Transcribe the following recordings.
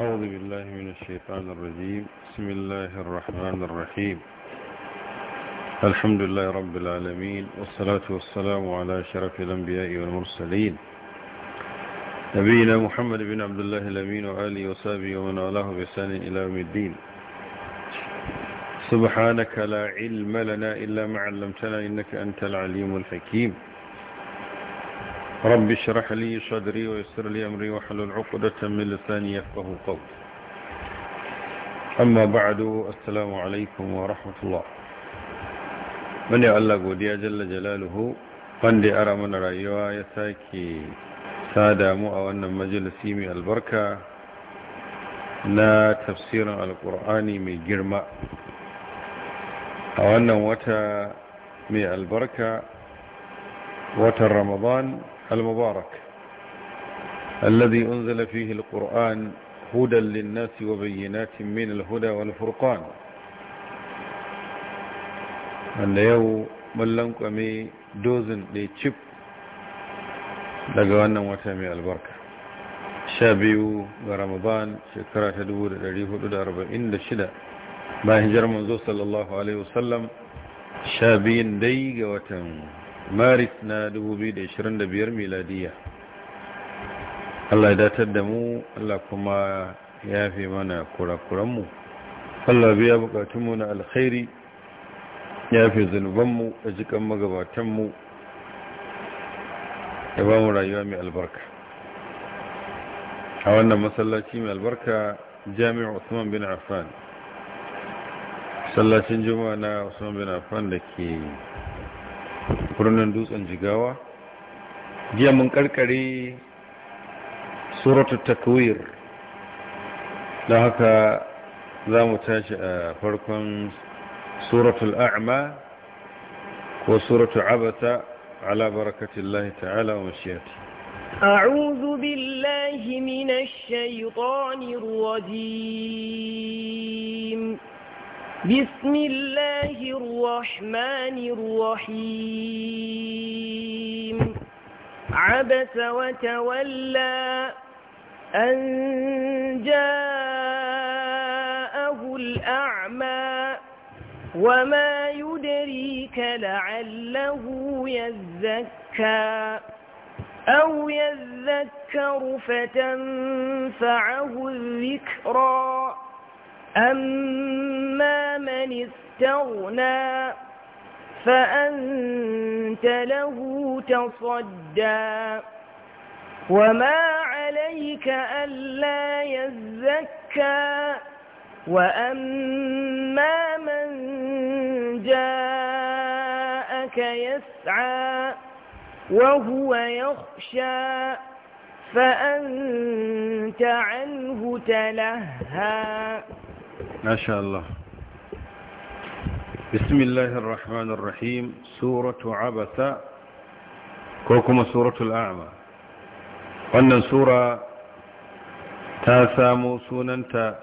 أعوذ بالله من الشيطان الرجيم بسم الله الرحمن الرحيم الحمد لله رب العالمين والصلاة والسلام على شرف الأنبياء والمرسلين نبينا محمد بن عبد الله الأمين وآله وصحبه ومن والاه بإحسان إلى يوم الدين سبحانك لا علم لنا إلا ما علمتنا إنك أنت العليم الحكيم رب اشرح لي صدري ويسر لي أمري واحلل عقدة من لساني يفقه قولي amma بعد السلام عليكم wa الله من الله godiya jalla jalaluhu wanda ya ara mana rayuwa ya sake sada mu a wannan majalisi mai albarka na tafsirin alkur'ani mai girma a wannan wata mai albarka watan ramadan المبارك الذي أنزل فيه القرآن هدى للناس وبينات من الهدى والفرقان أن يو ملنك أمي دوزن دي تشيب لقوانا واتامي البركة شابيو ورمضان شكرا تدور رديه قد أربع إند الشدى ما هجر منذ صلى الله عليه وسلم شابين ديق وتنو maris na 2025 miladiya Allah ya datar da mu Allah kuma ya fi mana kurakuranmu Allah biya bukatunmu na alkhairi ya fi zunubanmu da jikan magabatanmu ya ba mu rayuwa mai albarka a wannan masallaci mai albarka jami'a usman bin affan sallacin juma'a na usman bin affan da ke birnin dutsen jigawa jiya mun karkare suratul takwir da haka za mu tashi a farkon suratul a'ma ko suratul abata ala barakatillahi ta'ala wa mashiyati أعوذ بالله من الشيطان الرجيم بسم الله الرحمن الرحيم عبس وتولى أن جاءه الأعمى وما يدريك لعله يزكى أو يذكر فتنفعه الذكرى أما من استغنى فأنت له تصدى وما عليك ألا يزكى وأما من جاءك يسعى وهو يخشى فأنت عنه تلهى ما شاء الله بسم الله الرحمن الرحيم سورة wannan sura ta samo sunanta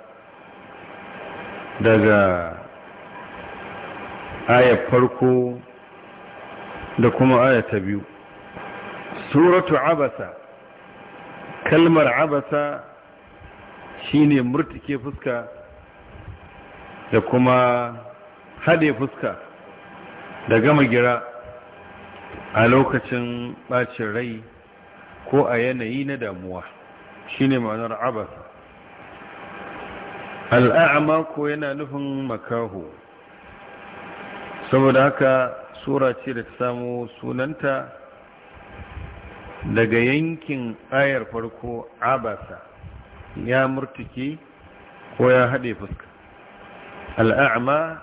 daga ayar farko da kuma ayar biyu suratu abasa kalmar abasa shine murtike fuska da kuma haɗe fuska da gama gira a lokacin ɓacin rai ko a yanayi na damuwa shine ma'anar abasa al'a'ama ko yana nufin makaho saboda haka sura ce da ta samu sunanta daga yankin ayar farko abasa ya murtuki ko ya haɗe fuska al'a'ama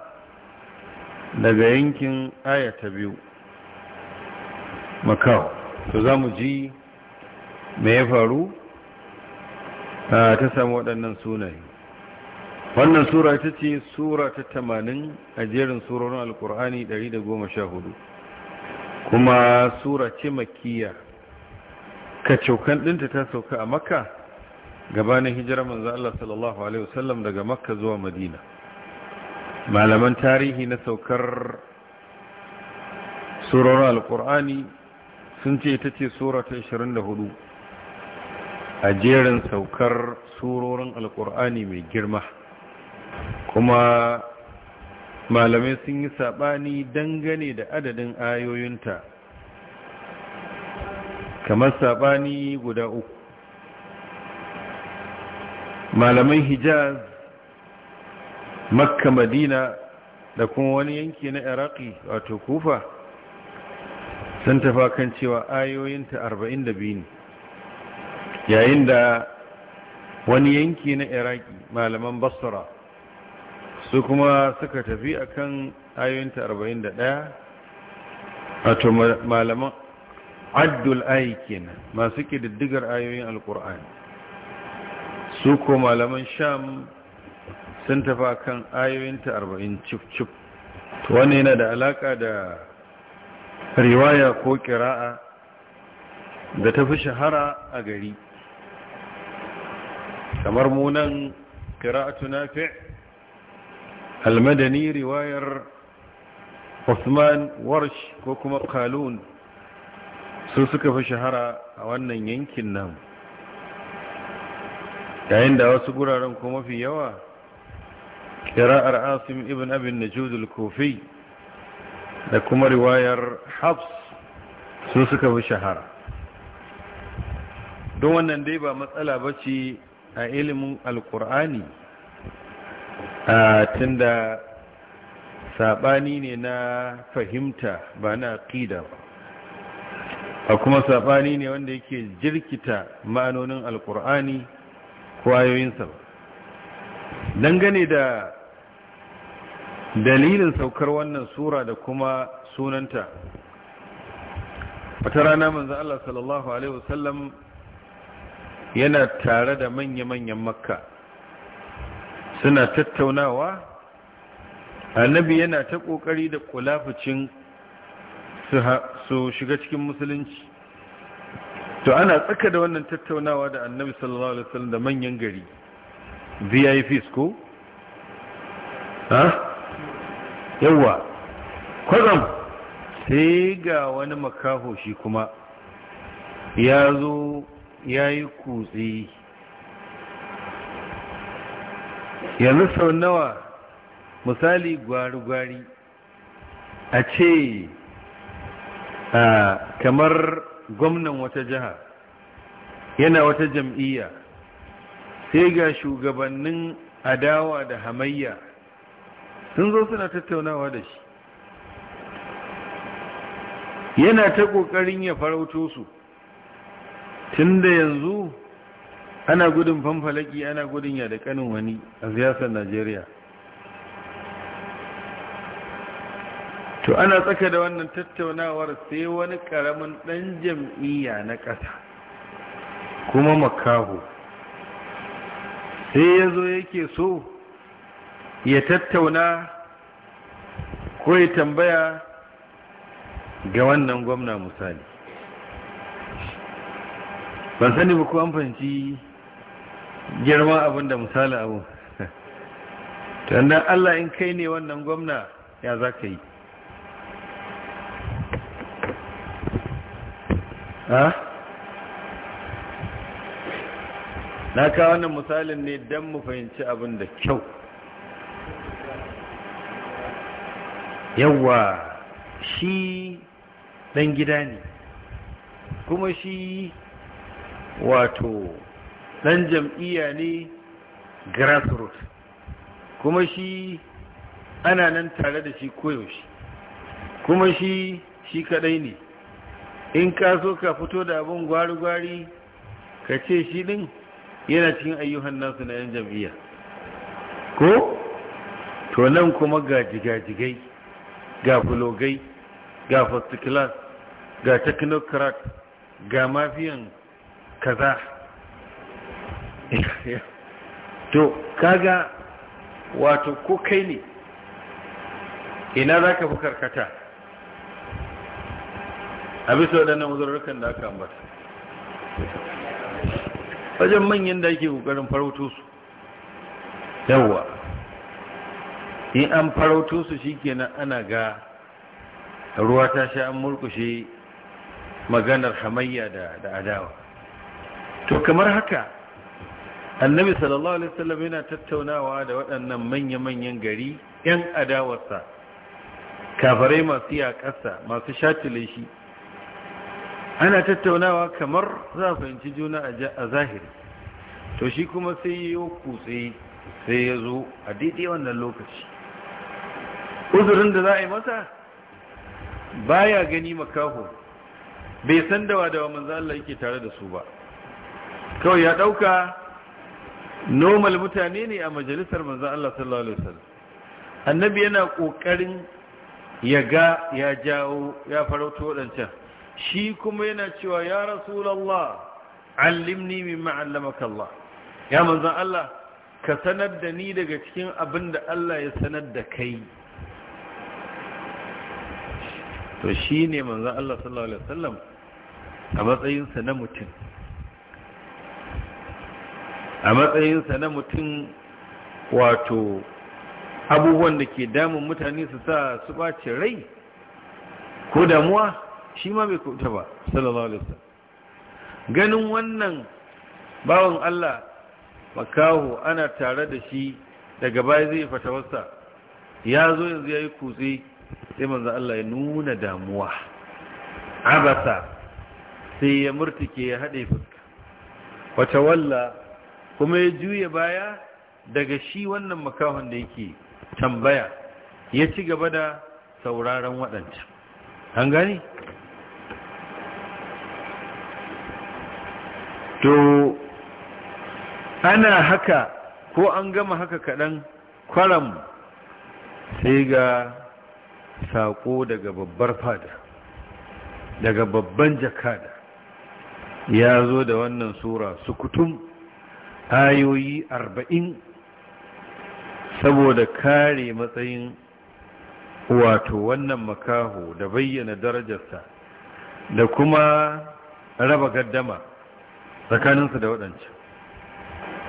daga yankin ayata biyu makawo to za mu ji me ya faru ta samu waɗannan sunaye wannan sura ta ce sura ta tamanin a jerin surorin alkur'ani 114 kuma sura ce makiya kacokan ɗinta ta sauka a makka gabanin hijirar manzo Allah sallallahu Alaihi wasallam daga makka zuwa madina malaman tarihi na saukar surar alkur'ani sun ce ta ce sura ta 24 a jerin saukar surorin alkur'ani mai girma kuma malamai sun yi saɓani dangane da adadin ayoyinta kamar saɓani guda uku malamai hijaz makka madina da kuma wani yanki na iraki wato kufa sun tafa kan cewa ayoyinta 42 ne yayin da wani yanki na iraki malaman basra su kuma suka tafi akan ayoyinta 41 wato malaman addul aikin masu ƙididdigar ayoyin alkur'ani su ko malaman sham sun tafa kan ayoyinta arba'in cif-cif wani yana da alaka da riwaya ko kira'a da tafi shahara a gari kamar munan kira'atu fi almadani riwayar Usman warsh ko kuma kalun su suka fi shahara a wannan yankin nan yayin da wasu guraren ko mafi yawa kira'ar asim ibn abin najud al-kufi da kuma riwayar habs su suka bi shahara don wannan dai ba matsala ba ce a ilimin alkur'ani a tunda saɓani ne na fahimta ba na ƙida ba a kuma saɓani ne wanda yake jirkita ma'anonin alkur'ani ko ayoyinsa ba dangane da dalilin saukar wannan sura da kuma sunanta wata rana manzo Allah sallallahu alaihi wasallam yana tare da manya-manyan makka suna tattaunawa annabi yana ta kokari da kulafucin su shiga cikin musulunci to ana tsaka da wannan tattaunawa da annabi sallallahu alaihi wasallam da manyan gari vips ko ha yawwa kwazam sai ga wani makaho shi kuma ya zo ya yi kutse yanzu sau nawa misali gwari-gwari a ce kamar gwamnan wata jiha yana wata jam'iyya sai ga shugabannin adawa da hamayya sun zo suna tattaunawa da shi yana ta ƙoƙarin ya farauto su tun da yanzu ana gudun fanfalaki ana gudun ya da kanin wani a siyasar najeriya to ana tsaka da wannan tattaunawar sai wani karamin ɗan jam'iyya na ƙasa kuma makaho sai ya zo yake so ya tattauna ko ya tambaya ga wannan gwamna misali ban sani ba ku an fahimci girma abin da misali abu tanda Allah in kai ne wannan gwamna ya za ka yi ha? na kawo wannan misalin ne don mu fahimci abin da kyau yawa shi ɗan gida ne kuma shi wato ɗan jam'iyya ne grassroots kuma shi ana nan tare da shi koyaushe kuma shi shi kaɗai ne in ka so ka fito da abin gwari-gwari ka ce shi ɗin yana cikin ayyuhan nasu na yan jam'iyya ko to nan kuma ga jigajigai ga fulogai ga first class ga technocrat ga mafiyan kaza to kaga wato ko kai ne ina za ka fi karkata a bisa waɗannan wuzurrukan da aka ambata wajen manyan da ake kokarin farauto su yawwa in an farauto su shikenan ana ga ruwa ta sha an murkushe maganar hamayya da adawa to kamar haka annabi sallallahu alaihi wasallam yana tattaunawa da waɗannan manya-manyan gari 'yan adawarsa kafarai masu yaƙasa masu shatile shi ana tattaunawa kamar za a fahimci juna a zahiri to shi kuma sai yi kutse sai ya zo a daidai wannan lokaci uzurin da za a yi masa baya gani makaho bai san dawa wamin za Allah yake tare da su ba kawai ya ɗauka normal mutane ne a majalisar manzo Allah sallallahu alaihi wasallam annabi yana kokarin ya ga ya jawo ya farauto wadancan shi kuma yana cewa ya rasulallah allimni mimma allamaka Allah ya manzan Allah ka sanar da ni daga cikin abin da Allah ya sanar da kai to shi ne manzan Allah sallallahu alaihi wasallam a matsayinsa na mutum a matsayinsa na mutum wato abubuwan da ke damun mutane su sa su bace rai ko damuwa shi ma bai kuta ba sallallahu alaihi wasallam ganin wannan bawan Allah makaho ana tare da shi daga baya zai fatawarsa ya zo yanzu ya yi kutse sai manzo Allah ya nuna damuwa abasa sai ya murtike ya hade fuska wata walla kuma ya juya baya daga shi wannan makahon da yake tambaya ya ci gaba da sauraron waɗanta an gani to ana haka ko an gama haka kaɗan kwaram sai ga saƙo daga babbar fada daga babban jakada ya zo da wannan sura su kutum ayoyi arba'in saboda kare matsayin wato wannan makaho da bayyana darajarsa da kuma raba gaddama tsakaninsu da waɗancan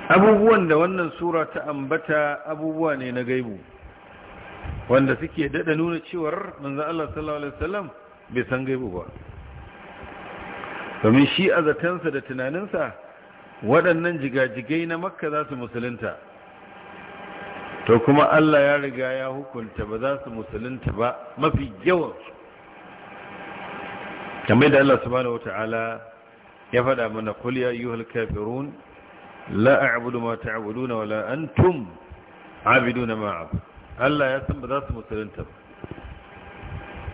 abubuwan da wannan sura ta ambata abubuwa ne na gaibu wanda suke daɗa nuna cewar manzan Allah sallallahu Alaihi wasallam bai san gaibu ba domin shi a zatensa da tunaninsa waɗannan jigajigai na makka za su musulunta to kuma Allah ya riga ya hukunta ba za su musulunta ba mafi yawansu kamar da Allah subhanahu ta'ala ya faɗa mana kul ya ayyuhal kafirun la a'budu ma ta'buduna wala antum abiduna ma a'budu Allah ya san ba za su musulunta ba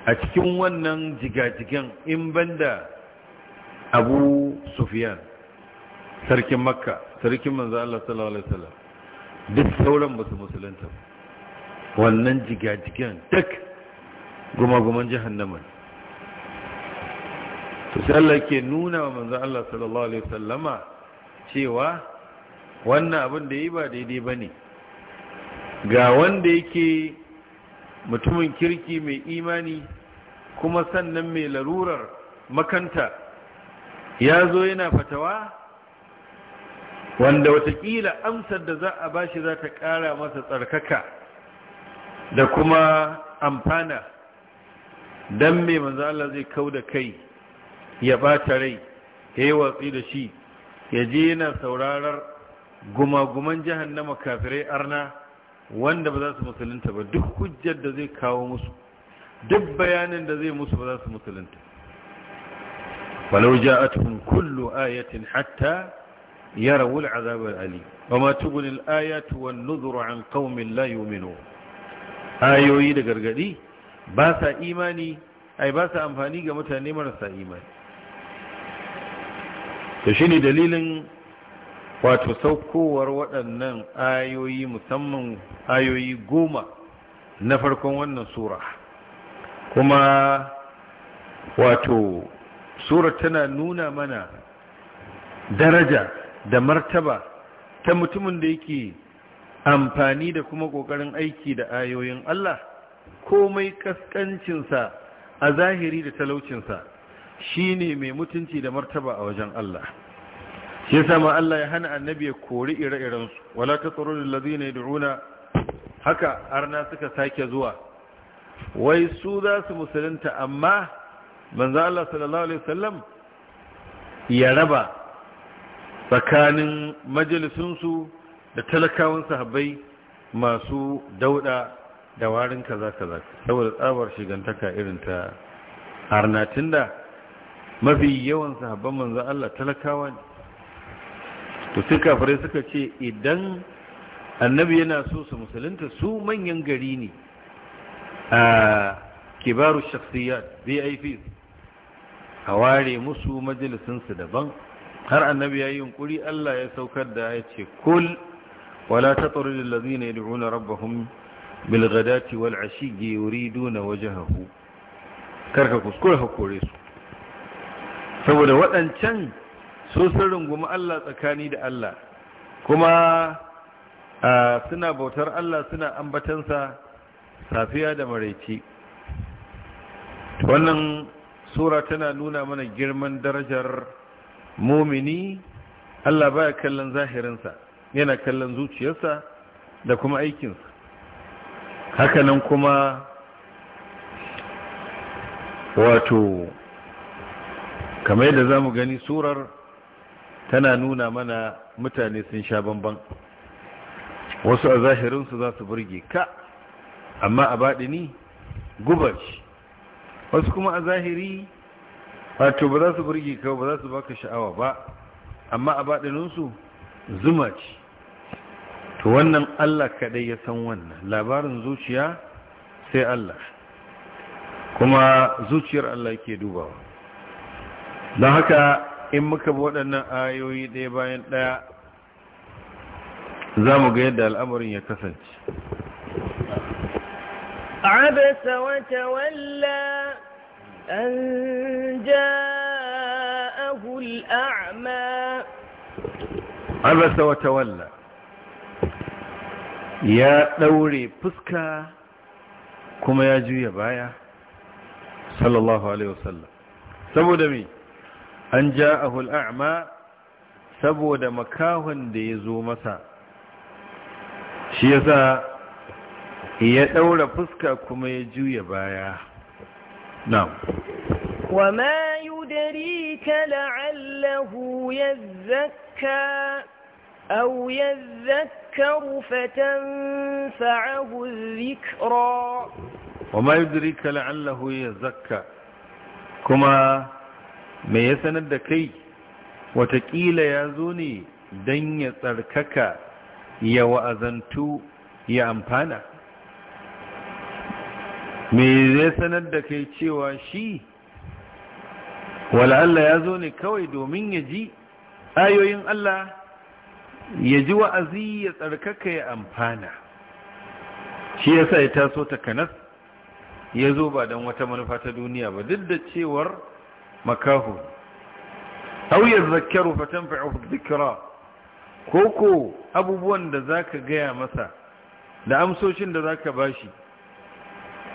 a cikin wannan jigajigan in banda abu Sufyan, sarkin makka sarkin manzo Allah sallallahu alaihi wasallam duk sauran ba su musulunta ba wannan jigajigan duk guma-guman jihannama ne sai ke nuna wa manzon Allah sallallahu alaihi wasallama cewa wannan abin da yi ba daidai bane ga wanda yake mutumin kirki mai imani kuma sannan mai larurar makanta ya zo yana fatawa wanda watakila amsar da za a bashi za ta kara masa tsarkaka da kuma amfana don mai manzo Allah zai kau da kai ya ɓata rai ya yi watsi da shi ya je yana saurarar gumaguman jihar na makafirai arna wanda ba za su musulunta ba duk hujjar da zai kawo musu duk bayanin da zai musu ba za su musulunta falau ja'atuhum kullu ayatin hatta yarawul azab azabar ali ba ma al ayatuwan nuzuru an qaumin layu mino ayoyi da gargadi ba sa imani ai ba sa amfani ga mutane marasa imani to shi ne dalilin wato saukowar waɗannan ayoyi musamman ayoyi goma na farkon wannan sura kuma wato sura tana nuna mana daraja da martaba ta mutumin da yake amfani da kuma ƙoƙarin aiki da ayoyin Allah komai kaskancinsa a zahiri da talaucinsa Shi ne mai mutunci da martaba a wajen Allah shi yasa ma Allah ya hana annabi ya kori ire-iren su wala tasrul ladina yad'una haka arna suka sake zuwa wai su za su musulunta amma manzan Allah sallallahu alaihi wasallam ya raba tsakanin majalisunsu da talakawan sahabbai masu dauda da warin kaza kaza saboda tsabar shigantaka irin ta harnatin da mafi yawan sahabban manzan Allah talakawa ne to sai kafirai suka ce idan annabi yana so su musulunta su manyan gari ne a kibaru shakhsiyat VIPs a ware musu majalisinsu daban har annabi ya yi yunkuri Allah ya saukar da ya ce kul wala tataru lil ladina yad'una rabbahum bil ghadati wal ashi yuriduna wajhahu karka kuskure hakore su saboda waɗancan su sun rungumi Allah tsakani da Allah kuma suna bautar Allah suna ambatansa safiya da maraici wannan sura tana nuna mana girman darajar mumini Allah baya kallon zahirinsa yana kallon zuciyarsa da kuma aikinsa hakanan kuma wato kamar yadda za mu gani surar tana nuna mana mutane sun sha bamban wasu a zahirinsu za su burge ka amma a baɗini gubaci wasu kuma a zahiri wato ba za su burge ka ba za su baka sha'awa ba amma a baɗininsu zuma ce to wannan Allah kaɗai ya san wannan labarin zuciya sai Allah kuma zuciyar Allah ke dubawa don haka in muka bi waɗannan ayoyi ɗaya bayan ɗaya za mu ga yadda al'amarin ya kasance abasa wata walla an ja'ahu al'a'ma abasa wata walla ya ɗaure fuska kuma ya juya baya sallallahu alaihi wasallam saboda mai an ja'ahu al'a'ma saboda makahon da ya zo masa shi yasa ya ɗaura fuska kuma ya juya baya na'am وما يدريك لعله يزكى أو يذكر فتنفعه الذكرى وما يدريك لعله يزكى كما Mai ya sanar da kai watakila ya zo ne don ya tsarkaka ya wa'azantu ya amfana me zai sanar da kai cewa shi wala Allah ya zo ne kawai domin ya ji ayoyin Allah ya ji wa'azi ya tsarkaka ya amfana shi ya sa ya taso ta kanas ya zo ba don wata manufa ta duniya ba duk da cewar makahu aw yadhakkaru fatanfa'uhu dhikra koko abubuwan da zaka gaya masa da amsoshin da zaka bashi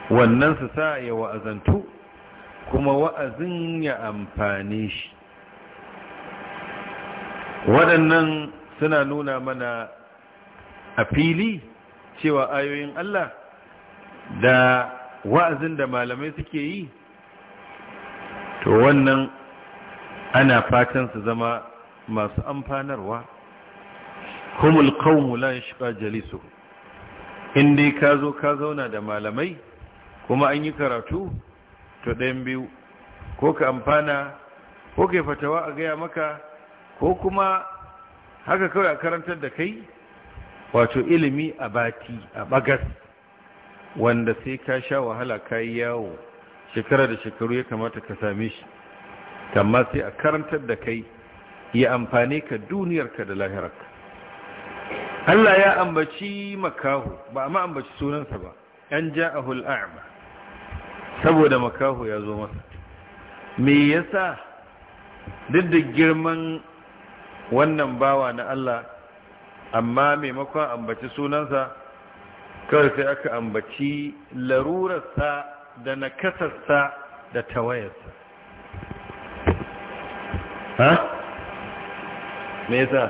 wannan su sa ya wa'azantu kuma wa'azin ya amfane shi waɗannan suna nuna mana a fili cewa ayoyin Allah da wa'azin da malamai suke yi to wannan ana fatan su zama masu amfanarwa humul qawmu la yashqa jalisu in dai ka zo ka zauna da malamai kuma an yi karatu to ɗayan biyu ko ka amfana ko ka fatawa a gaya maka ko kuma haka kawai a karantar da kai wato ilimi a bati a bagas wanda sai ka sha wahala ka yi yawo shekara da shekaru ya kamata ka same shi amma sai a karantar da kai ya amfane ka duniyarka da lahirarka Allah ya ambaci makahu ba amma ambaci sunansa ba an ja'ahul a'ma saboda makahu ya zo masa me yasa duk da girman wannan bawa na Allah amma maimakon ambaci sunansa kawai sai aka ambaci larurarsa da na nakasarsa da tawayarsa ha? me yasa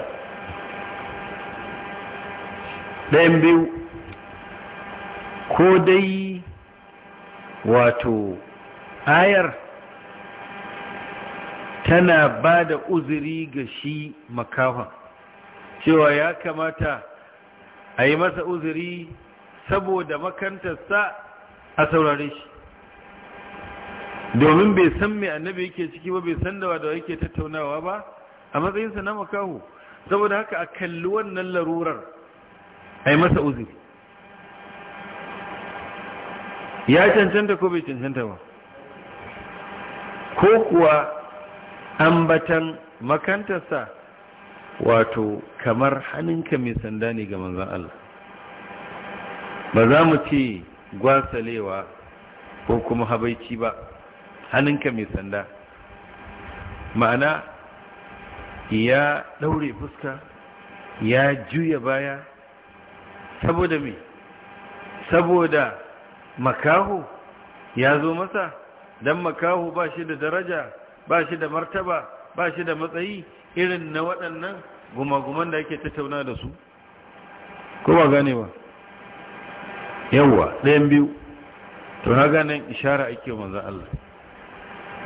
ɗayan biyu ko dai wato ayar tana ba da uzuri ga shi makawa cewa ya kamata a yi masa uzuri saboda makantarsa a saurare shi domin bai san mai annabi yake ciki ba bai san da wa da yake tattaunawa ba a matsayinsa na makahu saboda haka a kalli wannan larurar a yi masa uzuri ya cancanta ko bai cancanta ba ko kuwa ambatan makantarsa wato kamar hannunka mai sanda ne ga manzan Allah ba za mu ce gwasalewa ko kuma habaici ba hannunka mai sanda ma'ana ya ɗaure fuska ya juya baya saboda mai saboda makaho ya zo masa don makaho ba shi da daraja ba shi da martaba ba shi da matsayi irin na waɗannan gumaguman da ake tattauna da su ko ba gane ba yawwa ɗayan biyu to na ganin ishara ake manzan Allah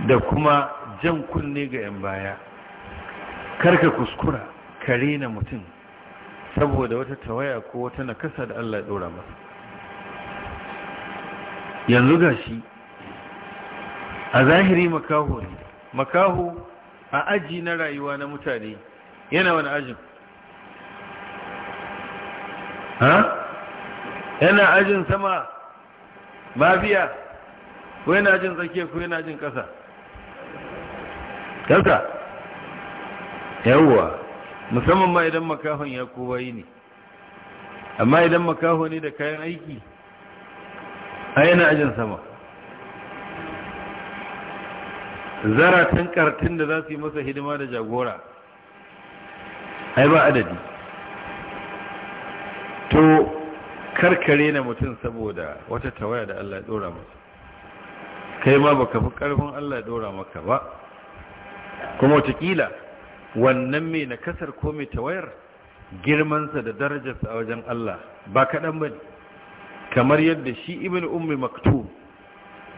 da kuma jan kunne ga 'yan baya karka kuskura ka rena mutum saboda wata tawaya ko wata nakasa da Allah ya ɗora masa yanzu ga shi a zahiri makaho ne makaho a aji na rayuwa na mutane yana wani ajin ha yana ajin sama mafiya ko yana ajin tsakiya ko yana ajin ƙasa kasa yawwa musamman ma idan makahon ya kowa yi ne amma idan makaho ne da kayan aiki a yana ajin sama zaratan kartin da za su yi masa hidima da jagora ai ba adadi to karkare na mutum saboda wata tawaya da Allah ya dora masa kai ma baka fi karfin Allah ya dora maka ba kuma watakila wannan mai nakasar ko mai tawayar girmansa da darajarsa a wajen Allah ba kaɗan ba ne kamar yadda shi ibn ummi maktub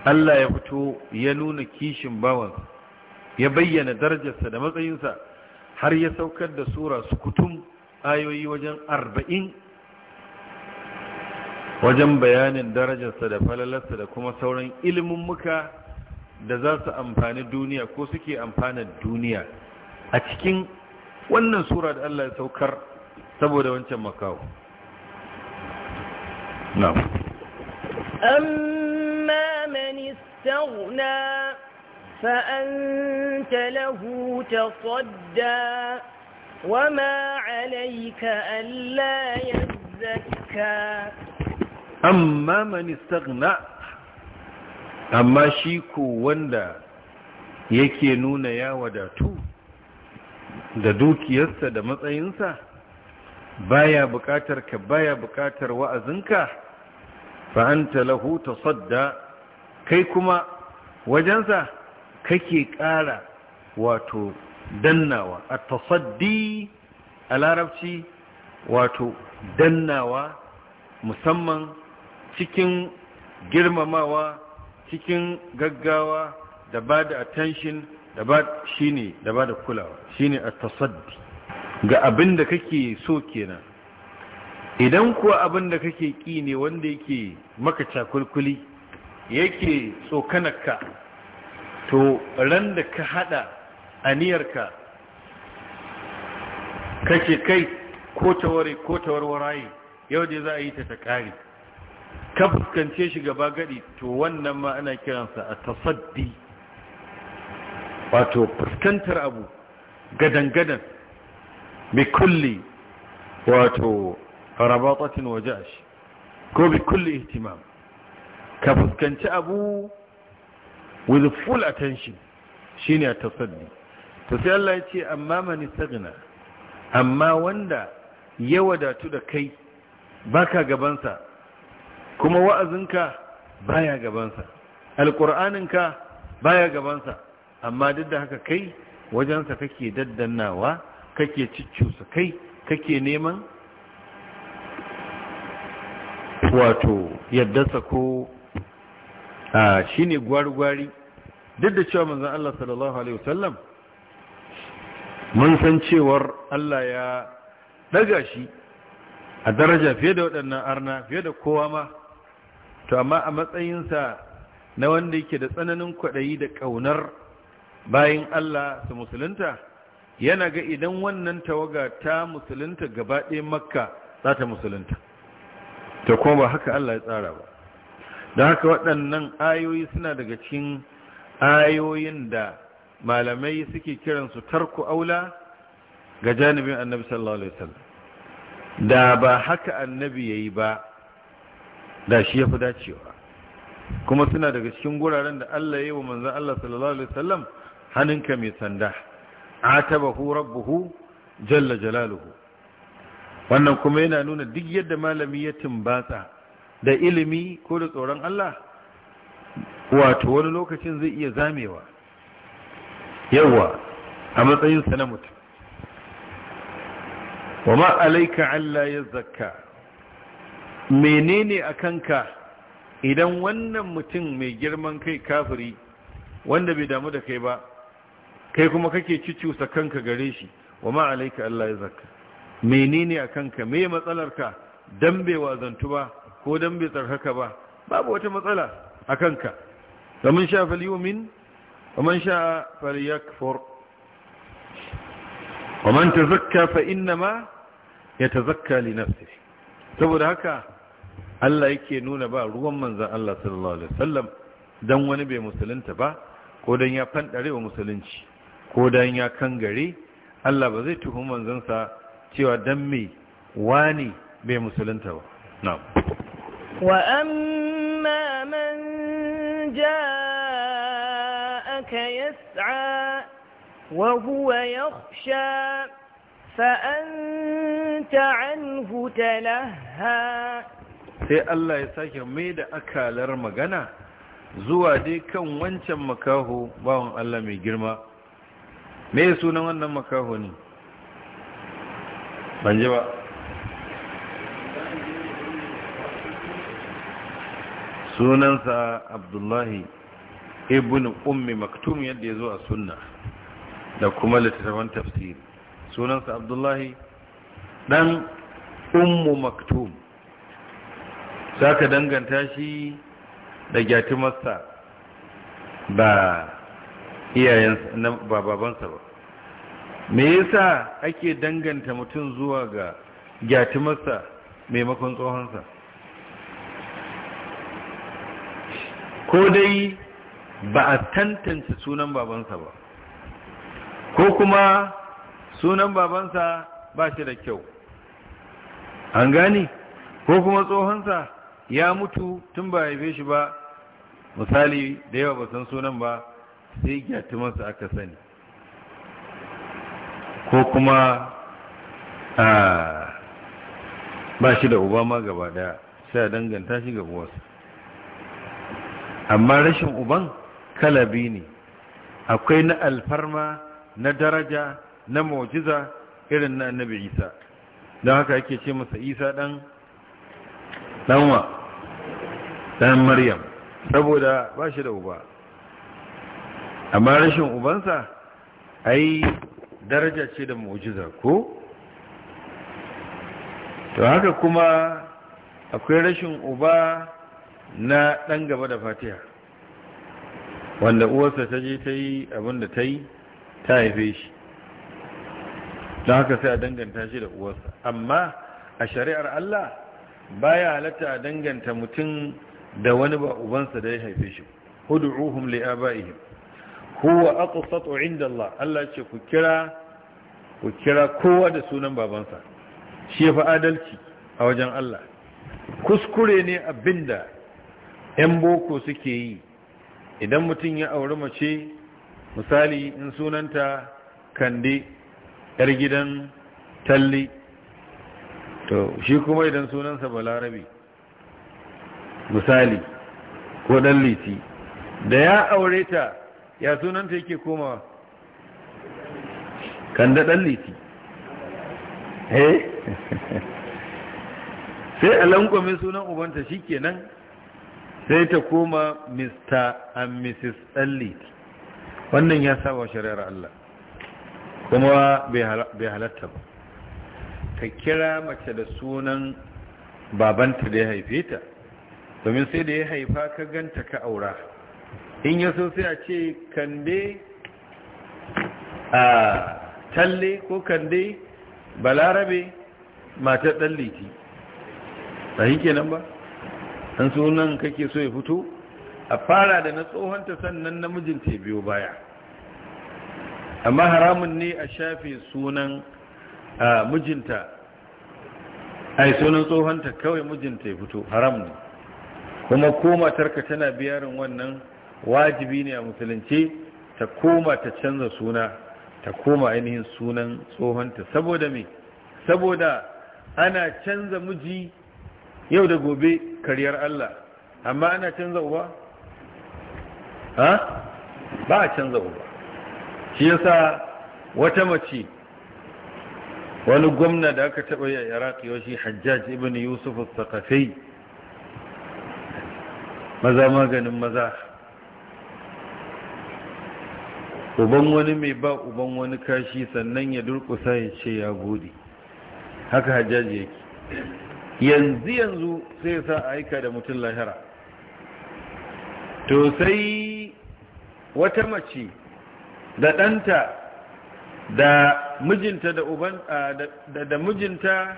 Allah ya fito ya nuna kishin bawan ya bayyana darajarsa da matsayinsa har ya saukar da sura sukutum ayoyi wajen arba'in wajen bayanin darajarsa da falalarsa da kuma sauran ilimin muka da za su amfani duniya ko suke amfanin duniya a cikin wannan sura da Allah ya saukar saboda wancan makawo na amma mani sauna fa'anta lahu ta wa wama alaika Allah ya zaka amma mani sauna amma shi ko wanda yake nuna ya wadatu da dukiyarsa da matsayinsa baya bukatar ka baya bukatar wa'azinka fa anta lahu tasadda kai kuma wajensa kake ƙara wato dannawa a tasaddi a larabci wato dannawa musamman cikin girmamawa cikin gaggawa da ba da attention da ba shi ne da ba da kulawa shi ne a tasaddi ga abin da kake so kenan idan kuwa abin da kake ki ne wanda yake maka cakulkuli yake tsokanarka to ran da ka hada aniyarka kake kai ko taware ko yau dai za a yi ta ta kare ka fuskance shi gaba gadi to wannan ma ana kiransa a tasaddi wato fuskantar abu gadan-gadan bi kulli wato rabatatin waje shi ko bi kulli ihtimam ka fuskanci abu with full attention shine a tasaddi to sai Allah ya ce amma mani sagna amma wanda ya wadatu da kai baka gabansa kuma wa'azinka baya gabansa alƙur'aninka baya gabansa amma duk da haka kai wajensa kake daddannawa kake ciccusa kai kake neman wato yaddasa ko a shi ne gwari-gwari duk da cewa manzan Allah sallallahu Alaihi wasallam mun san cewar Allah ya daga shi a daraja fiye da waɗannan arna fiye da kowa ma to amma a matsayinsa na wanda yake da tsananin kwaɗayi da ƙaunar bayan Allah su musulunta yana ga idan wannan tawaga ta musulunta gabaɗe makka za ta musulunta ta kuma ba haka Allah ya tsara ba da haka waɗannan ayoyi suna daga cikin ayoyin da malamai suke kiransu tarko aula ga janibin annabi sallallahu alaihi wasallam da ba haka annabi yayi ba da shi ya fi dacewa kuma suna daga cikin guraren da Allah ya yi wa manzan Allah sallallahu Alaihi wasallam hannunka mai sanda a atabahu Rabuhu, jalla jalaluhu wannan kuma yana nuna duk yadda malami ya timbatsa da ilimi ko da tsoron Allah wato wani lokacin zai iya zamewa yawa a matsayinsa na mutum wa ma'alaika Allah ya zakka menene a kanka idan wannan mutum mai girman kai kafiri wanda bai damu da kai ba kai kuma kake cicusa kanka gare shi wa ma'alaika alaika Allah ya zaka. menene a kanka me matsalarka dan bai wazantu ba ko dan bai tsarkaka ba babu wata matsala a kanka zaman sha falyumin wa man sha falyakfur wa man nama ya ta yatazakka li nafsihi saboda haka Allah yake nuna ba ruwan manzan Allah sallallahu alaihi wasallam dan wani bai musulunta ba ko don ya fandare wa musulunci ko don ya kangare Allah ba zai tuhum manzansa cewa dan me wani bai musulunta ba na'am wa amma man ja'aka wa fa anta anhu laha. sai Allah ya sake mai da akalar magana zuwa dai kan wancan makaho bawan Allah mai girma me sunan wannan makaho ne ban ji ba sunansa abdullahi ibn ummi maktum yadda ya zo a sunna da kuma littattafan tafsiri sunansa abdullahi dan ummu maktum za ka danganta shi da gyatimarsa ba iyayensa ba babansa ba me yasa ake danganta mutum zuwa ga gyatimarsa maimakon tsohonsa ko dai ba a tantance sunan babansa ba ko kuma sunan babansa ba shi da kyau an gani ko kuma tsohonsa ya mutu tun ba haife shi ba misali da yawa ba san sunan ba sai gyatumansa aka sani ko kuma ba shi da uba ma gaba daya sai danganta shi ga uwarsa amma rashin uban kalabi ne akwai na alfarma na daraja na mu'jiza irin na annabi isa don haka ake ce masa isa dan ɗanwa ɗan maryam saboda ba shi da uba amma rashin ubansa ai daraja ce da mu'jiza ko to haka kuma akwai rashin uba na ɗan gaba da fatiha wanda uwarsa ta je ta yi abinda ta yi ta haife shi don haka sai a danganta shi da uwarsa amma a shari'ar Allah baya halatta a danganta mutum da wani ba ubansa da ya haife shi hudu'uhum li abaihim huwa aqsatu inda Allah Allah ce ku kira ku kira kowa da sunan babansa shi fa adalci a wajen Allah kuskure ne abinda yan boko suke yi idan mutum ya auri mace misali in sunanta kande yar gidan talli to shi kuma idan sunansa balarabe misali ko dan liti da ya aure ta ya sunanta yake komawa kan da dan liti eh? sai a lankwamin sunan ubanta shi kenan sai ta koma mr and mrs dan liti wannan ya saba shari'ar Allah kuma bai halatta ba ka kira mace da sunan babanta da ya haife ta domin sai da ya haifa ka ganta ka aura in ya so sai a ce kande a talle ko kande balarabe matar ɗan liti ba yi kenan ba ɗan sunan kake so ya fito a fara da na tsohonta sannan namijin ta biyo baya amma haramun ne a shafe sunan a mijinta ai sunan tsohonta kawai mijinta ya fito haram ne kuma ko matarka tana biyarin wannan wajibi ne a musulunci ta koma ta canza suna ta koma ainihin sunan tsohonta saboda me saboda ana canza miji yau da gobe kariyar Allah amma ana canza uba ba a canza uba shi yasa wata mace wani gwamna da aka taɓa yi a iraq shi hajjaj ibn yusuf al sakafai maza maganin maza uban wani mai ba uban wani kashi sannan ya durkusa ya ce ya gode haka hajjaji yake yanzu yanzu sai sa aika da mutum lahira to sai wata mace da ɗanta da mijinta da uban da da mijinta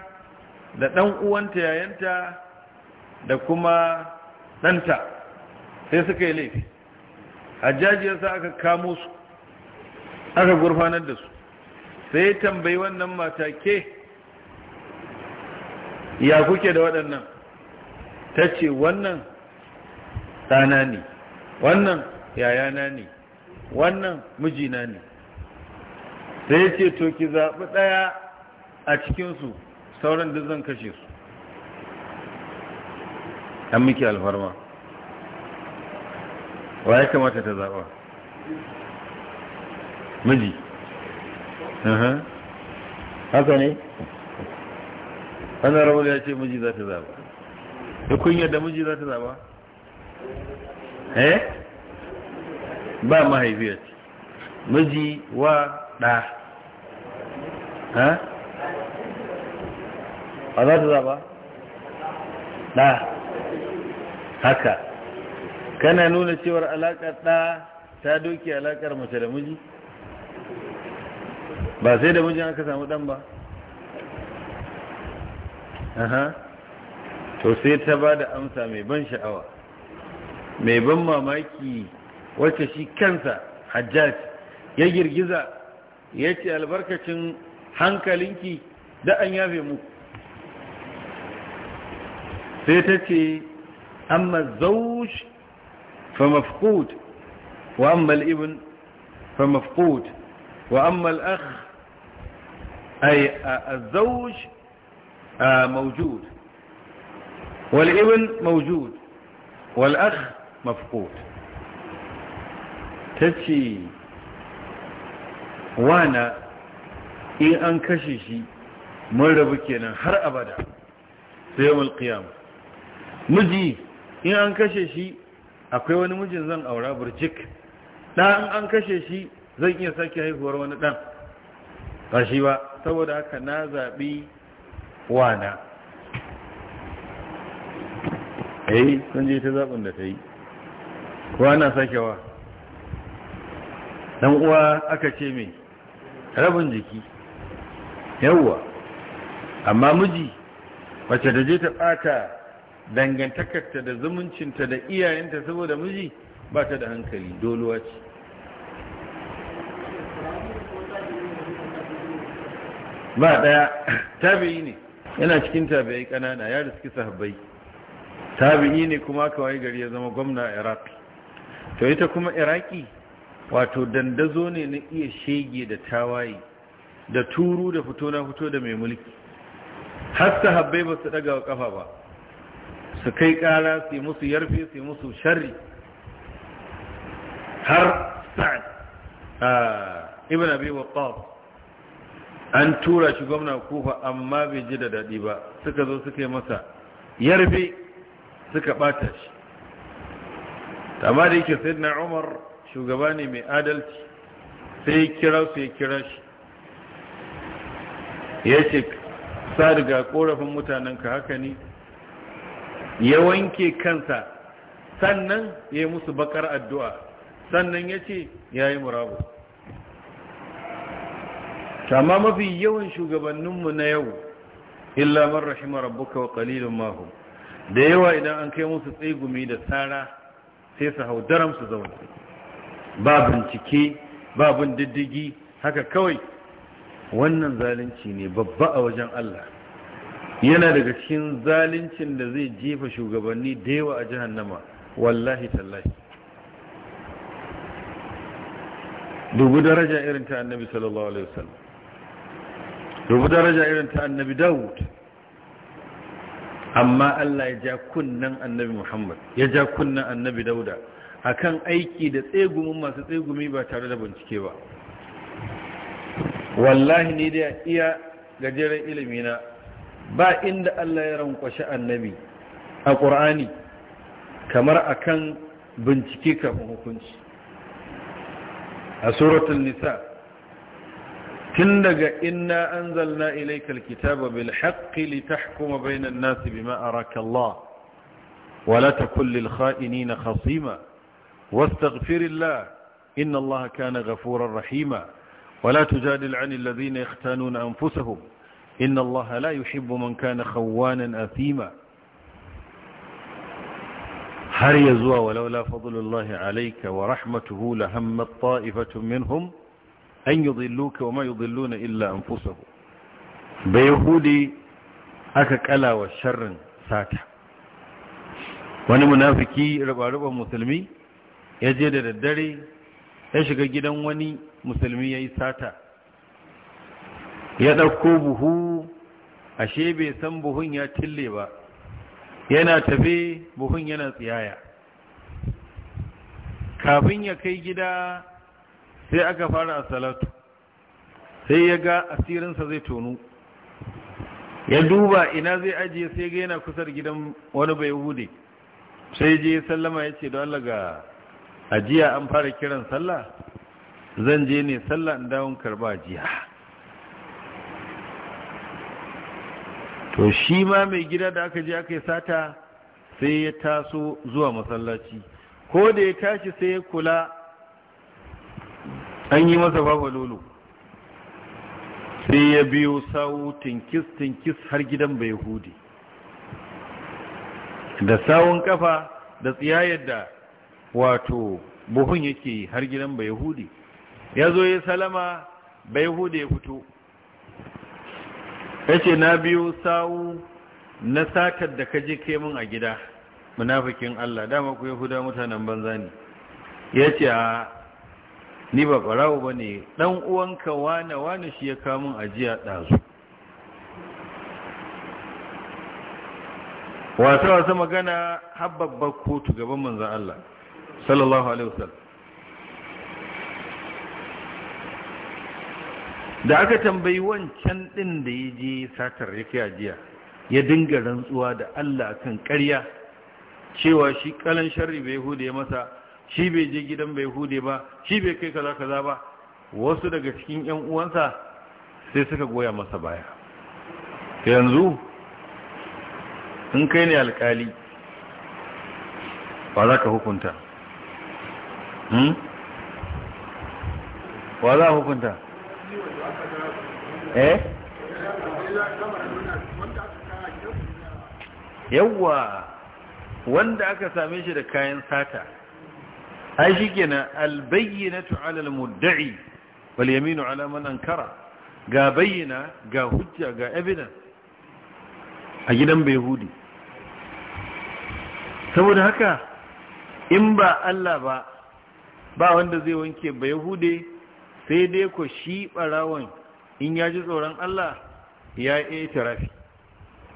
da dan uwanta yayanta da kuma danta sai suka yi laifi hajjajiyar sa aka kamo su aka gurfanar da su sai ya tambayi wannan mata ke ya kuke da waɗannan ta ce wannan ɗana ne wannan yayana ne wannan mijina ne sai ya ce to ki zaɓi ɗaya a cikinsu sauran da zan kashe su an miki alfarma wa ya kamata ta zaɓa miji haka ne wannan rawar ya ce miji za ta zaɓa da kunya da miji za ta zaɓa eh ba mahaifiyar miji wa ɗa ha ba za ta zaba ɗa haka kana nuna cewar alaƙa ɗa ta doki alaƙar mace da miji ba sai da mijin aka samu ɗan ba aha to sai ta ba da amsa mai ban sha'awa mai ban mamaki wacce shi kansa hajjaj ya girgiza ya ce albarkacin hankalinki da an yabe mu sai ta ce amma zauj fa mafqud wa amma al-ibn fa mafqud wa amma al-akh ay az-zawj موجود والابن موجود akh mafqud تتشي wana in an kashe shi mun rabu kenan har abada sai yawon kiyama miji in an kashe shi akwai wani mijin zan aura burjik ɗan an kashe shi zan iya sake haihuwar wani ɗan ba shi ba saboda haka na zaɓi wana eh sun je ta zaɓin da ta yi wana sakewa ɗan uwa aka ce mai rabin jiki yawwa amma miji wacce da je ta bata dangantakarta da zumuncinta da iyayenta saboda miji ba ta da hankali doluwa ce ba daya tabi'i ne yana cikin tabi'ai kanana ya riski sahabbai tabi'i ne kuma kawai gari ya zama gwamna a iraq to ita kuma iraki wato dandazo ne na iya shege da tawaye da turu da fito na fito da mai mulki har sahabbai ba su daga kafa ba su kai kara su musu yarfe su musu sharri har sa'ad ibn abi waqqas an tura shi gwamna kufa amma bai ji da dadi ba suka zo suka yi masa yarfe suka bata shi amma da yake sayyidina umar shugaba ne mai adalci sai ya kira su kira shi ya ce sa riga korafin mutanenka haka ne ya wanke kansa sannan ya yi musu bakar addu'a sannan ya ce ya yi murabu kama mafi yawan shugabanninmu na yau illa man rahima rabbuka wa qalilun mahu da yawa idan an kai musu tsigumi da tsara sai su hau daram su zaune ba bincike ba bin diddigi haka kawai wannan zalunci ne babba a wajen Allah yana daga cikin zaluncin da zai jefa shugabanni da yawa a jahannama wallahi tallahi dubu daraja irin ta annabi sallallahu alaihi wasallam dubu daraja irin ta annabi daud amma Allah ya ja kunnan annabi Muhammad ya ja kunnan annabi Dauda akan aiki da tsegumin masu tsegumi ba tare da bincike ba wallahi ni da iya gajeren ilimi na ba inda Allah ya rankwashi annabi a ƙur'ani kamar akan bincike kafin hukunci a suratul nisa tun daga inna anzalna ilaykal kitaba bil haqqi litahkuma bainan nasi bima araka Allah ولا تكن khasima خصيما واستغفر الله إن الله كان غفورا rahima. Wala ولا تجادل عن الذين يختانون أنفسهم إن الله لا يحب من كان خوانا أثيما har ya zuwa walaula fadlullahi alayka wa rahmatuhu la hammat ta'ifatun minhum an yudilluka wa ma yudilluna illa anfusahum bai yahudi aka kalawa sharrin sata wani munafuki, rabaruban musulmi ya je da daddare ya shiga gidan wani musulmi ya yi sata ya ɗauko buhu ashe bai san buhun ya tille ba yana tafe buhun yana tsiyaya kafin ya kai gida sai aka fara a salatu sai ya ga asirinsa zai tonu ya duba ina zai ajiye sai ga yana kusar gidan wani bai hude sai je sallama ya ce don allaga a jiya an fara kiran sallah zan je ne sallah in dawon karba jiya to shi ma mai gida da aka je aka yi sata sai ya taso zuwa masallaci ko da ya tashi sai ya kula an yi masa lolo sai ya biyo sawu tinkis-tinkis har gidan bai hudi da sawun kafa da tsiya yadda. wato buhun yake har gidan bai yahudi ya zo ya salama bai yahudi ya fito ya ce na biyo sawu na satar da ka je kemin a gida munafikin Allah dama ku yahuda mutanen banza ne ya ce a ni ba ɓarawo ba ne ɗan uwanka wane wane shi ya kamun ajiya ɗazu wasa wasa magana habbabbar kotu gaban manzan Allah sallallahu alaihi wasallam da aka tambayi wancan din da ya je satar yake ajiya ya dinga rantsuwa da Allah kan ƙarya cewa shi kalan sharri bai hude masa shi bai je gidan bai hude ba shi bai kai kaza kaza ba wasu daga cikin ƴan uwansa sai suka goya masa baya yanzu in kai ne alkali ba za ka hukunta Hmm? wa za a hukunta eh yawwa wanda aka same shi da kayan sata ai shikenan albayyinatu ala mudda'i wal yaminu ala man ankara ga bayyana ga hujja ga evidence a gidan bayhudi saboda haka in ba Allah ba ba wanda zai wanke ba yahude sai dai ko shi barawan in ya ji tsoron Allah ya yi tarafi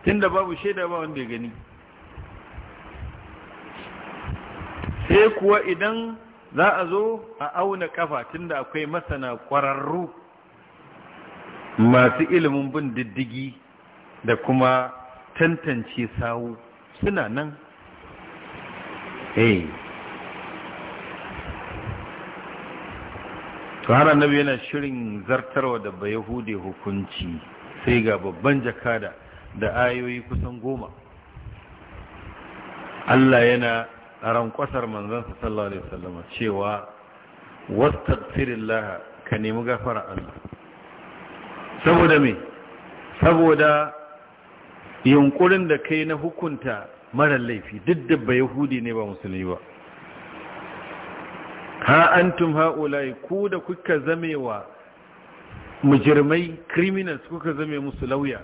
tunda babu shaida ba wanda ya gani sai kuwa idan za a zo a auna kafa tunda akwai masana kwararru masu ilimin bin diddigi da kuma tantance sawu suna nan eh. to har yana shirin zartarwa da ba yahude hukunci sai ga babban jakada da ayoyi kusan goma Allah yana rankwasar kwasar sallallahu alaihi wasallam cewa wastaghfirillah ka nemi gafara Allah saboda me saboda yunkurin da kai na hukunta mara laifi duk da ba yahudi ne ba musulmi ba ha antum haulai ku da kuka zamewa mujirmai criminals kuka zame musu lauya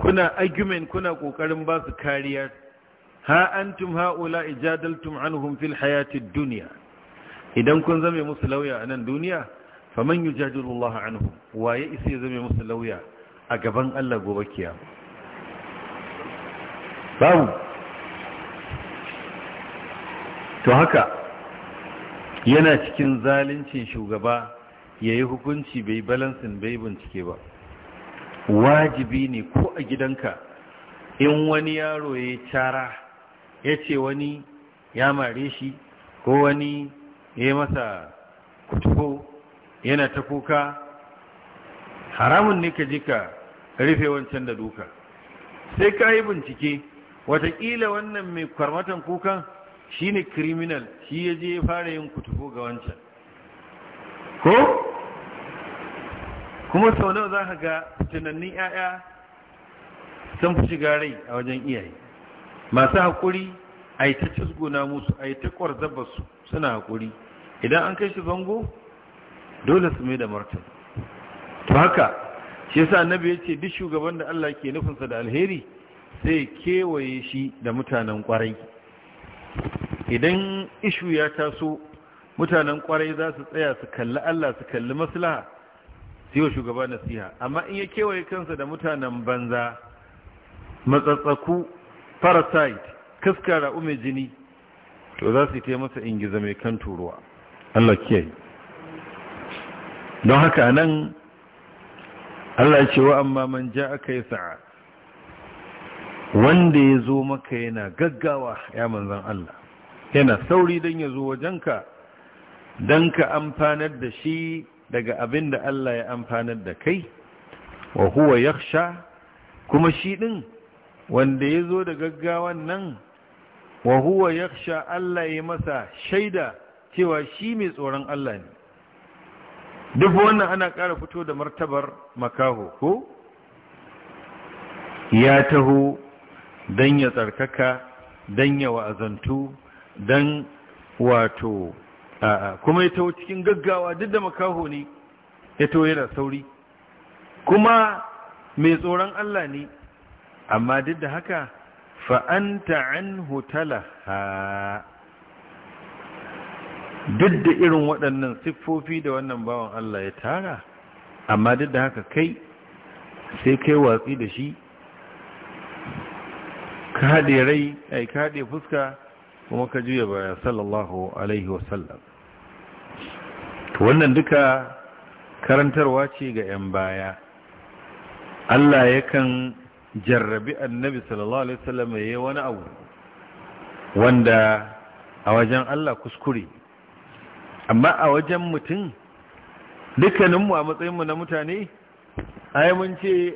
kuna argument kuna kokarin ba su kariya ha antum haula jadaltum anhum fil hayatid dunya idan kun zame musu lauya a nan duniya man yujadilu Allah anhum waye isa ya zame musu lauya a gaban Allah gobe kiyama babu to haka yana cikin zalincin shugaba ya yi hukunci bai balansin bai bincike ba wajibi ne ko a gidanka in wani yaro ya cara ya ce wani ya mare shi ko wani ya masa kutuko yana ta kuka haramun ne ka ji ka rufe wancan da duka sai ka yi bincike watakila wannan mai kwarmatan kukan shi ne criminal shi ya je ya fara yin kutufo ga wancan ko kuma sau nawa za ka ga tunannin 'ya'ya sun fi shiga rai a wajen iyaye masu haƙuri a yi ta cizguna musu a yi ta ƙwarzabarsu suna haƙuri idan an kai shi bango dole su mai da martin to haka shi yasa annabi ya ce duk shugaban da Allah ke nufinsa da alheri sai kewaye shi da mutanen ƙwarai idan ishu ya taso mutanen kwarai za su tsaya su kalli Allah su kalli maslaha su yi shugaba nasiha amma in ya kewaye kansa da mutanen banza matsatsaku parasite kaskara ume jini to za su yi masa ingiza mai kan turuwa Allah kiyaye don haka nan Allah ce wa amma man ja aka yi sa'a wanda ya zo maka yana gaggawa ya manzan Allah yana sauri don ya zo wajenka don ka amfanar da shi daga abin da Allah ya amfanar da kai wa huwa yakhsha kuma shi ɗin? wanda ya zo da gaggawan nan wa huwa yakhsha Allah ya masa shaida cewa shi mai tsoron Allah ne duk wannan ana ƙara fito da martabar makaho ko ya taho don ya tsarkaka don ya wa'azantu Dan wato kuma ya tawo cikin gaggawa duk da makaho ne ya tawo yana sauri kuma mai tsoron Allah ne amma duk da haka fa'anta an ha duk da irin waɗannan siffofi da wannan bawan Allah ya tara amma duk da haka kai sai kai watsi da shi ka haɗe rai ai ka haɗe fuska kuma ka juya baya sallallahu alaihi wasallam wannan duka karantarwa ce ga 'yan baya Allah yakan jarrabi annabi sallallahu alaihi wasallam ya yi wani abu wanda a wajen Allah kuskure amma a wajen mutum dukkaninmu a matsayinmu na mutane ai mun ce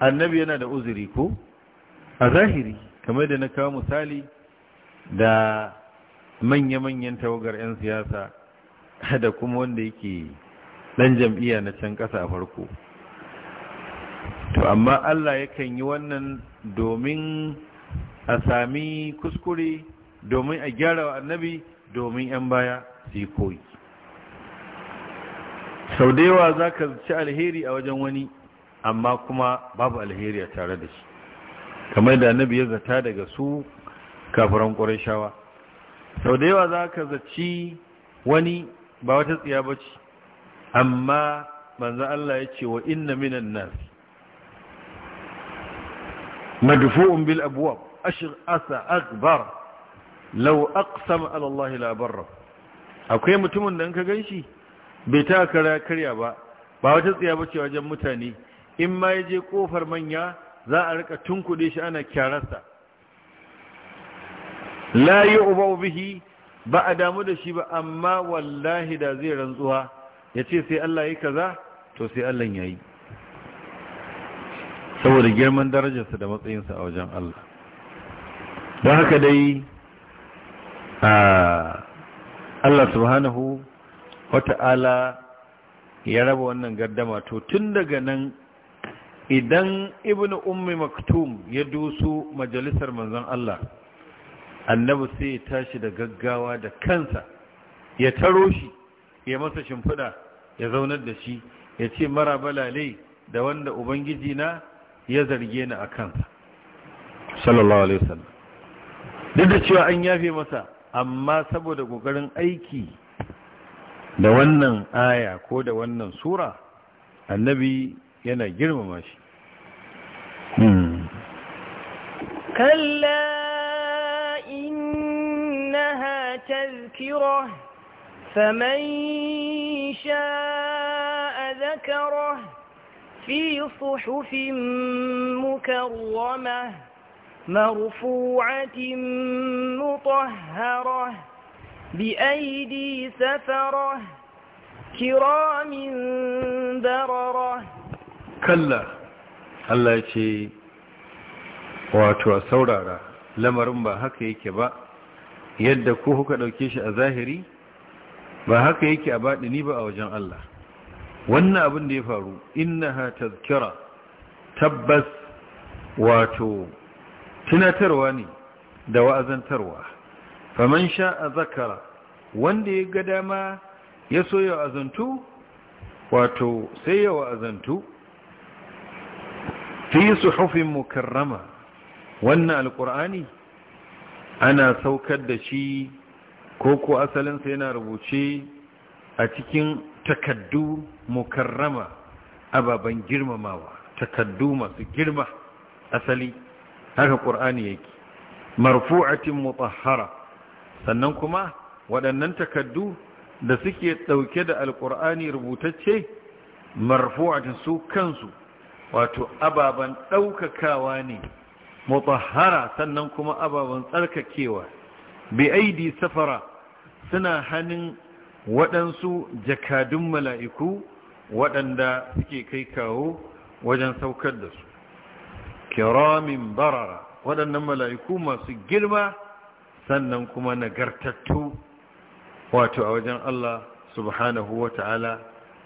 annabi yana da uzuri ko a zahiri kamar da na kawo misali da manya-manyan tawagar 'yan siyasa da kuma wanda yake ɗan jam'iyya na can ƙasa farko to amma Allah yakan yi wannan domin a sami kuskure domin a gyara wa annabi domin 'yan baya su yi koyi sau da yawa za ka ci alheri a wajen wani amma kuma babu alheri a tare da shi kamar da annabi ya zata daga su kafiran ƙurashawa sau da yawa za ka zaci wani ba wata tsiya ba ce amma manzan Allah ya ce wa inna minan nas madfu'un bil abuwa ashir asa akbar lau aqsama ala Allah barra akwai mutumin da naka ka ganshi bai ta kara karya ba ba wata tsiya ba ce wajen mutane in ma ya je kofar manya za a rika tunkude shi ana kyararsa la uba bihi ba a damu da shi ba amma wallahi da zai rantsuwa yace sai Allah yi kaza to sai Allah yi. saboda girman darajarsa da matsayinsa a wajen Allah don haka dai Allah subhanahu wata'ala ya raba wannan gardama to tun daga nan idan ibnu ummi maktum ya dusu majalisar manzon Allah annabi sai ya tashi da gaggawa da kansa ya taro shi ya masa shimfiɗa ya zaunar da shi ya ce mara balalai da wanda ubangiji na ya zarge ni a kansa sallallahu alaihi wasallam duk da cewa an yafe masa amma saboda kokarin aiki da wannan aya ko da wannan sura annabi yana girmama shi hmm. kalla تذكرة فمن شاء ذكره في صحف مكرمة مرفوعة مطهرة بأيدي سفرة كرام بررة كلا الله يشي wato saurara لمرمبا هكي كبا yadda ku kuka ɗauke shi a zahiri ba haka yake a baɗi ni ba a wajen Allah wannan abin da ya faru innaha tazkira tabbas wato tunatarwa ne da wa'azantarwa faman sha'a zakara wanda ya ga dama ya so ya wa'azantu wato sai ya wa'azantu fi suhufin mukarrama wannan alkur'ani ana saukar da shi ko ko asalinsa yana rubuce a cikin takaddu mukarrama ababen girmamawa takaddu masu girma asali haka ƙur'ani yake marfu'atin mutahhara sannan kuma waɗannan takaddu da suke ɗauke da alƙur'ani rubutacce marfu'atin su kansu wato ababen ɗaukakawa ne mutahara sannan kuma ababen tsarkakewa bi aidi safara suna hannun waɗansu jakadun mala'iku waɗanda suke kai kawo wajen saukar da su kiramin barara waɗannan mala'iku masu girma sannan kuma nagartattu wato a wajen Allah subhanahu wa ta'ala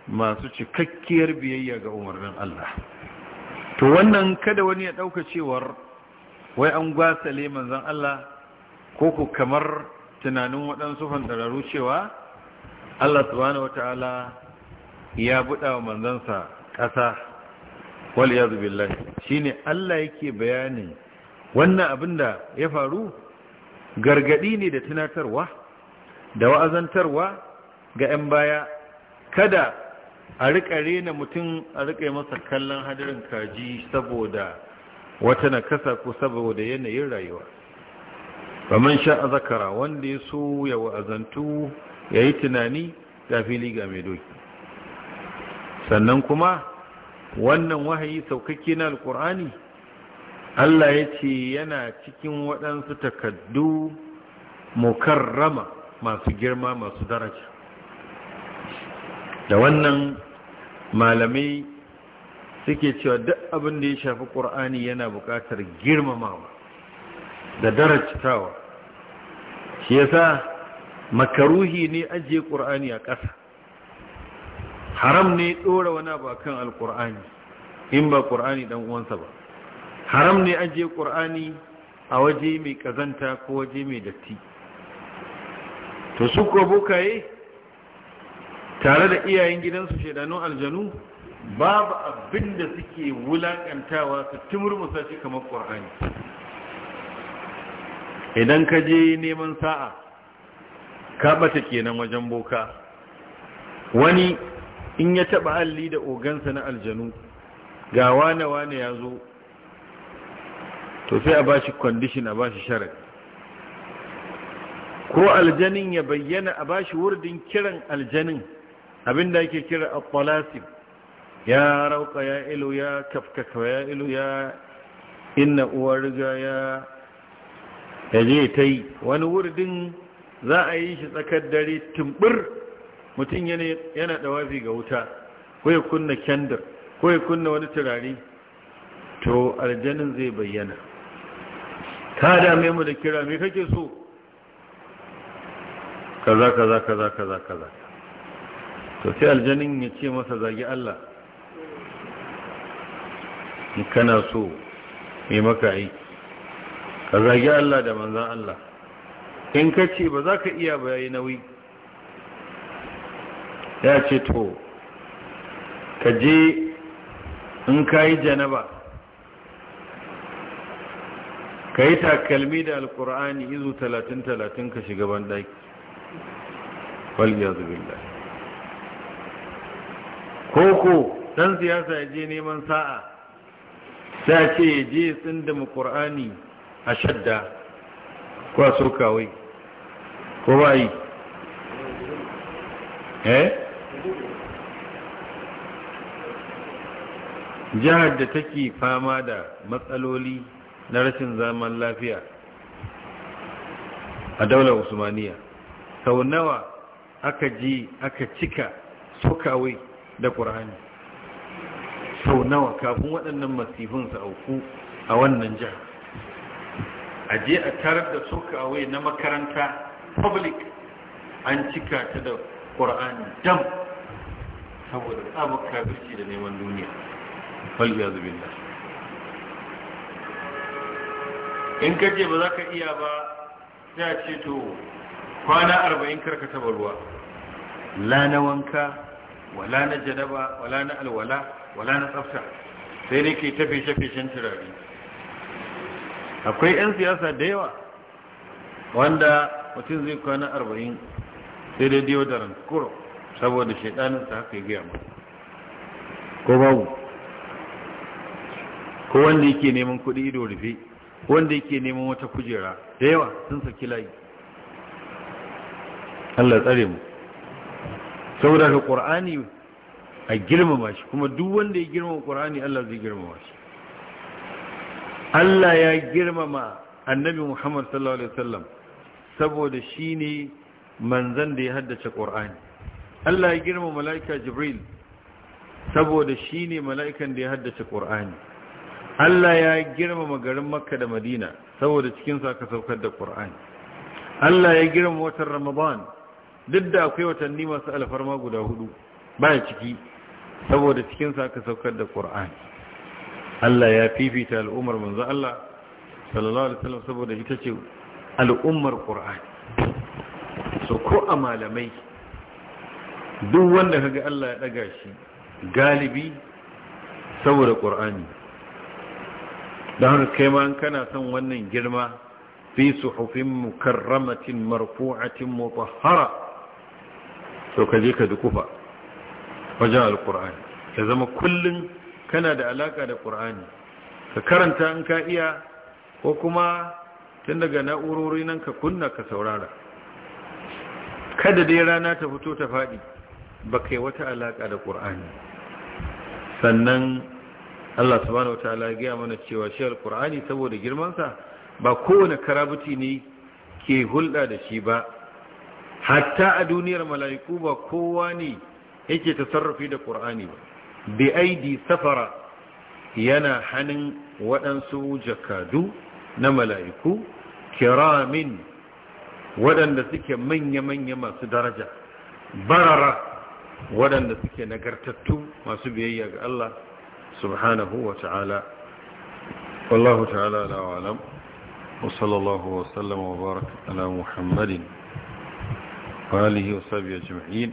masu cikakkiyar biyayya ga umarnin Allah to wannan kada wani ya ɗauka cewar wai an gwasale manzan Allah ko ku kamar tunanin waɗansu fantararru cewa Allah subhanahu wata'ala ya buɗa wa manzansa ƙasa wal yazu billahi shine Allah yake bayani. wannan abin da ya faru gargaɗi ne da tunatarwa da wa'azantarwa ga 'yan baya kada a riƙa rena mutum a riƙa masa kallon hadirin kaji saboda wata kasa ko saboda yanayin rayuwa kamar sha zakara wanda ya so ya wa'azantu ya yi tunani ga fili ga mai doki sannan kuma wannan wahayi saukakke na alkur'ani Allah ya ce yana cikin waɗansu takaddu mukarrama masu girma masu daraja da wannan malamai suke cewa duk abin da ya shafi ƙur'ani yana buƙatar girmamawa da darajtawa shi yasa makaruhi ne ajiye ƙur'ani a ƙasa haram ne ɗora wani ba kan alƙur'ani in ba ƙur'ani ɗan uwansa ba haram ne ajiye ƙur'ani a waje mai ƙazanta ko waje mai datti to su kuwa bokaye tare da iyayen gidansu shaidanun aljanu babu abin da suke wulakantawa su timurmusa shi kamar ƙwarhani idan ka je neman sa'a ka ɓata kenan wajen boka wani in ya taɓa halli da ogansa na aljanu ga wane-wane ya zo to sai a ba shi kwandishin a ba shi sharar. ko aljanin ya bayyana a ba shi wurdin kiran aljanin abinda ake kira a ya rauka ya ilu ya kafkaka ya ilu ya inna uwar riga ya je ta yi wani wurdin za a yi shi tsakar dare tumbur mutum yana wafi ga wuta ko ya kunna kyandir ko ya kunna wani turare to aljanin zai bayyana ka dame mu da kira me kake so kaza kaza kaza kaza kaza to sai aljanin ya ce masa zagi Allah in kana so mai maka yi? ka zagi Allah da manzan Allah in ka ce ba za ka iya ba nauyi ya ce to ka je in ka yi janaba ka yi takalmi da alkur'ani izu talatin-talatin ka shiga ban banɗaki waliyar zubillah koko ɗan siyasa ya je neman sa'a ta ce je mu ƙorani a shadda ko a sokawai ko ba yi eh jihar da take fama da matsaloli na rashin zaman lafiya a daular usmaniya sau nawa aka ji aka cika sokawai da ƙur'ani sau nawa kafin waɗannan masifin su auku a wannan jihar a je a tarar da sokawai na makaranta public an cika ta da ƙura'ani dam saboda tsabar kafirci da neman duniya falbiya zubin da in ka je ba za ka iya ba ya ce to kwana arba'in karka taba ruwa la na wanka wala na janaba wala na alwala wala na tsafta sai dai ke tafi shafishin turare akwai 'yan siyasa da yawa wanda mutum zai kwana arba'in sai dai diyo da kuro saboda shaidaninsa haka ya gaya ma ko babu ko wanda yake neman kuɗi ido rufe wanda yake neman wata kujera da yawa sun saki layi Allah tsare mu saboda ka ƙur'ani a girmama shi kuma duk wanda ya girmama ƙur'ani Allah zai girmama shi Allah ya girmama annabi Muhammad sallallahu alaihi wasallam saboda ne manzan da ya haddace ƙur'ani Allah ya girmama malaika Jibril saboda ne mala'ikan da ya haddace ƙur'ani Allah ya girmama garin Makka da Madina saboda cikin ka saukar da ƙur'ani Allah ya girmama watan Ramadan duk da akwai watanni masu alfarma guda hudu baya ciki saboda cikinsa aka saukar da ƙur'ani Allah ya fifita al'ummar manzu Allah sallallahu alaihi wasallam saboda ita ce al'ummar ƙur'ani so ko a malamai duk wanda kaga Allah ya ɗaga shi galibi saboda ƙur'ani Da haka kai ma kana son wannan girma fi suhufin mukarramatin marfu'atin mutahhara ka kaje ka dukufa wajen alkur'ani ya zama kullum kana da alaka da ƙur'ani ka karanta in ka iya ko kuma tun daga na'urori nan ka kunna ka saurara kada dai rana ta fito ta faɗi ba kai wata alaka da ƙur'ani sannan allah subhanahu wa ta'ala gaya mana cewa shi alkur'ani saboda girmansa ba kowane karabuti ne ke hulɗa da shi ba hatta a duniyar mala'iku ba kowa ne yake tasarrufi da ƙur'ani ba bi aidi safara yana hannun waɗansu jakadu na mala'iku kiramin waɗanda suke manya-manya masu daraja barara waɗanda suke nagartattu masu biyayya ga Allah subhanahu wa ta'ala wallahu ta'ala da wa'alam wa sallallahu wa sallama wa baraka ala muhammadin wa alihi wa sabi ajma'in